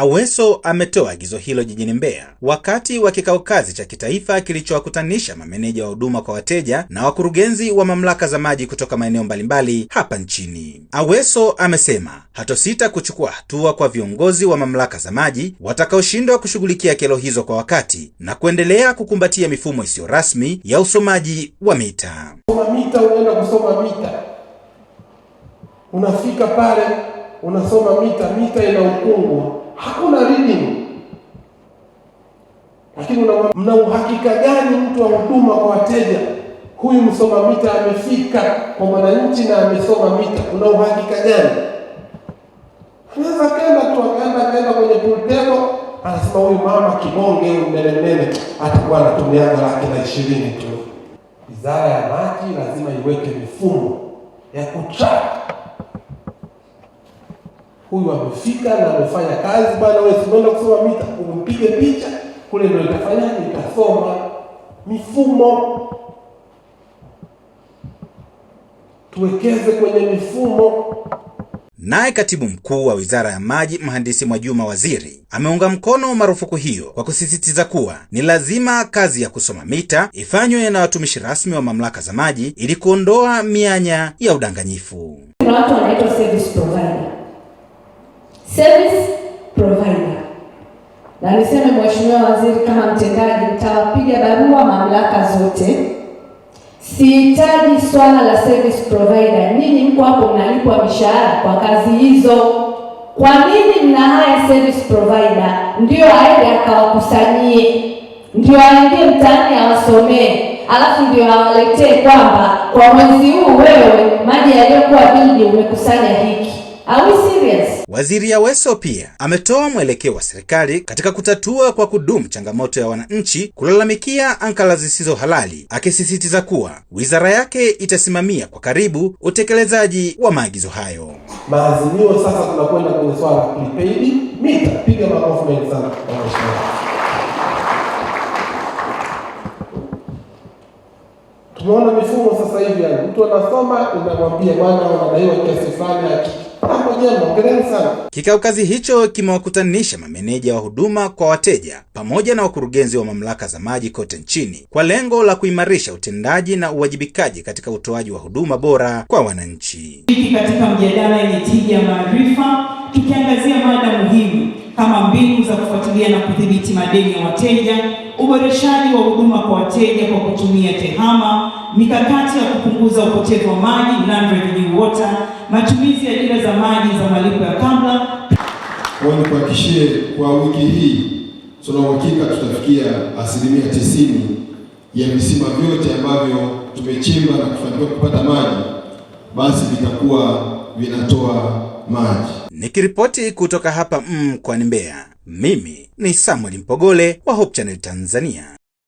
Aweso ametoa agizo hilo jijini Mbeya wakati wa kikao kazi cha kitaifa kilichowakutanisha mameneja wa huduma kwa wateja na wakurugenzi wa mamlaka za maji kutoka maeneo mbalimbali hapa nchini. Aweso amesema hatosita kuchukua hatua kwa viongozi wa mamlaka za maji watakaoshindwa kushughulikia kero hizo kwa wakati na kuendelea kukumbatia mifumo isiyo rasmi ya usomaji wa mita. Mita unaenda kusoma mita, unafika pale unasoma mita, mita ina ukungu hakuna reading. Lakini mna uhakika gani mtu wa huduma kwa wateja huyu msoma mita amefika kwa mwananchi na amesoma mita? Una uhakika gani? Anaweza kenda tu akaenda akaenda kwenye pultelo, anasema huyu mama kibonge, huyu mnelemele, atakuwa anatumianga laki na ishirini tu. Wizara ya Maji lazima iweke mifumo ya kutrack huyu amefika na amefanya kazi bana, wewe usienda kusoma mita, umpige picha kule, ndio itafanya Itasoma mifumo. Tuwekeze kwenye mifumo. Naye katibu mkuu wa wizara ya maji mhandisi Mwajuma Waziri ameunga mkono marufuku hiyo kwa kusisitiza kuwa ni lazima kazi ya kusoma mita ifanywe na watumishi rasmi wa mamlaka za maji ili kuondoa mianya ya udanganyifu. Kuna watu wanaitwa service provider service provider. Na niseme Mheshimiwa Waziri, kama mtendaji, nitawapiga barua mamlaka zote. Sihitaji swala la service provider. Nyinyi mko hapo mnalipwa mishahara kwa kazi hizo. Kwa nini mna haya service provider? Ndio aende akawakusanyie, ndio aende mtaani awasomee alafu ndio awaletee kwamba kwa mwezi huu wewe maji yaliyokuwa bidi umekusanya hiki. Are we serious? Waziri Aweso pia ametoa mwelekeo wa serikali katika kutatua kwa kudumu changamoto ya wananchi kulalamikia ankara zisizo halali, akisisitiza kuwa wizara yake itasimamia kwa karibu utekelezaji wa maagizo hayo. Maazimio sasa tunakwenda kwenye swala prepaid mita. Piga makofi mengi sana. Tumeona mifumo sasa hivi, mtu anasoma unamwambia bwana, unadaiwa kiasi fulani Kikao kazi hicho kimewakutanisha mameneja wa huduma kwa wateja pamoja na wakurugenzi wa mamlaka za maji kote nchini kwa lengo la kuimarisha utendaji na uwajibikaji katika utoaji wa huduma bora kwa wananchi. Katika mjadala yenye tija ya maarifa, tukiangazia mada muhimu kama mbinu za kufuatilia na kudhibiti madeni ya wateja, uboreshaji wa huduma kwa wateja kwa kutumia TEHAMA, mikakati ya kupunguza upotevu wa maji non revenue water, matumizi ya nikuhakikishie kwa wiki hii tuna uhakika tutafikia asilimia tisini ya visima vyote ambavyo tumechimba na kufanikiwa kupata maji, basi vitakuwa vinatoa maji. Nikiripoti kutoka hapa mkoani Mbeya, mimi ni Samuel Mpogole wa Hope Channel Tanzania.